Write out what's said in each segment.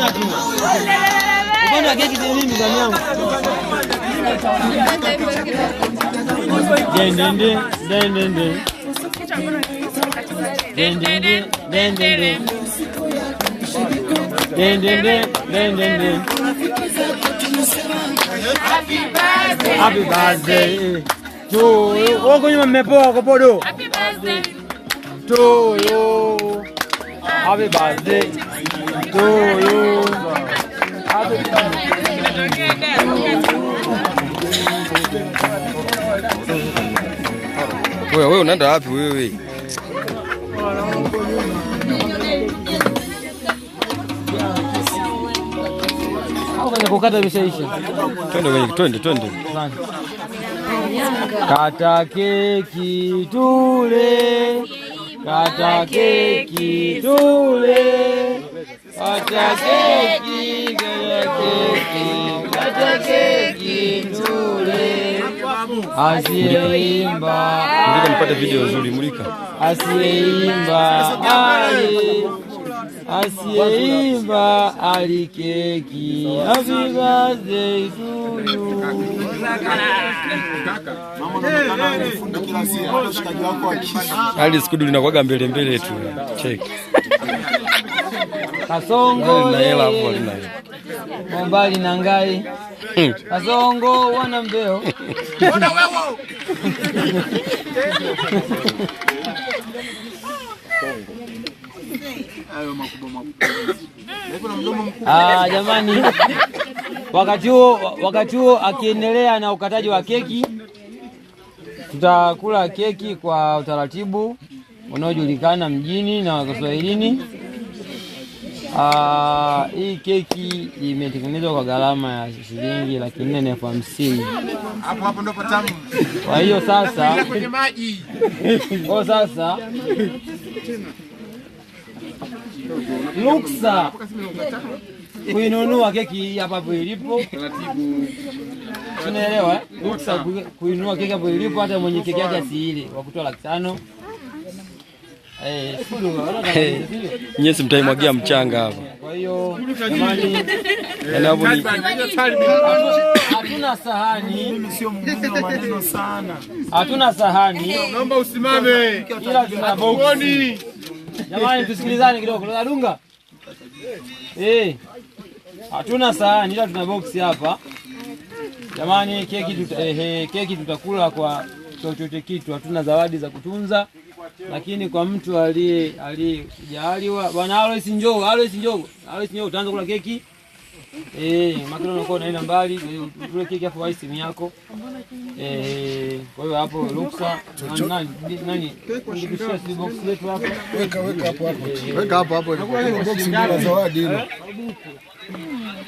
Mbona tu? Mbona keki ni mimi ndani yangu? Dende dende dende dende. Dende dende Happy birthday to you. Happy birthday to you. Happy birthday to Wewe wewe unaenda wapi wewe? Twende kwenye twende twende. Kata keki tule. Kata keki tule. Kata keki keki. Kata keki tule asiyeimba. Mulika nipate video nzuri, mulika. Asiyeimba ali asiyeimba ali keki. Happy birthday to you. Ali sikudu linakuwaga mbele mbele tu. Cheki. Kasongo. Na na ngai. Hmm. Azongo wana mbeo. wewe. Ah, jamani, wakati huo wakati huo akiendelea na ukataji wa keki, tutakula keki kwa utaratibu unaojulikana mjini na Kiswahilini hii keki imetengenezwa kwa gharama ya shilingi laki nne na elfu hamsini. Hapo hapo ndipo tamu. Kwa hiyo sasa kwenye maji. kwa sasa luksa eh? kuinunua keki hapa hapo ilipo, Taratibu. tunaelewa luksa kuinunua keki hapo ilipo, hata mwenye keki yake asiile wa kutoa laki tano Nyie simtaimwagia mchanga hapa. Kwa hiyo yaani hatuna sahani, hatuna sahani, naomba usimame, ila tuna boksi. Jamani, tusikilizane kidogo. Tunadunga eh. hatuna sahani, ila tuna boksi hapa. Jamani, keki tutakula kwa chochote kitu, hatuna zawadi za kutunza lakini kwa mtu aliye alijaliwa, bwana Alois Njogo, Alois Njogo, Alois Njogo, utaanza kula keki eh, makina unakuwa unaenda mbali, ule keki hapo waisi simu yako eh. Kwa hiyo hapo ruksa nani nani, nikushia si box yetu hapo, weka weka hapo hapo, eh, eh. weka hapo hapo, ni box ya zawadi hilo.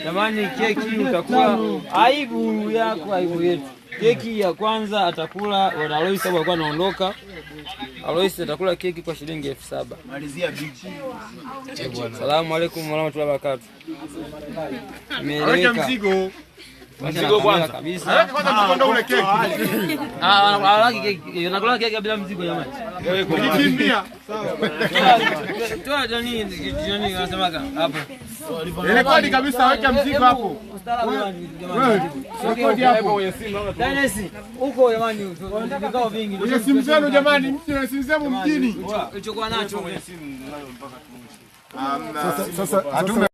Jamani, keki utakuwa aibu yako, aibu yetu. Keki ya kwanza atakula wana Alois sababu alikuwa anaondoka. Alois atakula keki kwa shilingi elfu saba. Malizia bichi. Salamu alaikum warahmatullahi wabarakatuh. Imeeleweka. Mzigo kwanza kabisa. Haraka kwanza mzigo ndio ule keki. Ah, ah, ah haraka keki. Eh, nakula keki bila mzigo jamani. Wewe kwa kimbia. Sawa. Toa jani jani anasema hapa. Rekodi kabisa weka eh, mzigo eh, hapo. Rekodi hapo. Dennis, uko jamani, vikao vingi. Kwenye simu zenu jamani, mje na simu zenu mjini. Ulichokuwa nacho kwenye simu mpaka sasa sasa hatume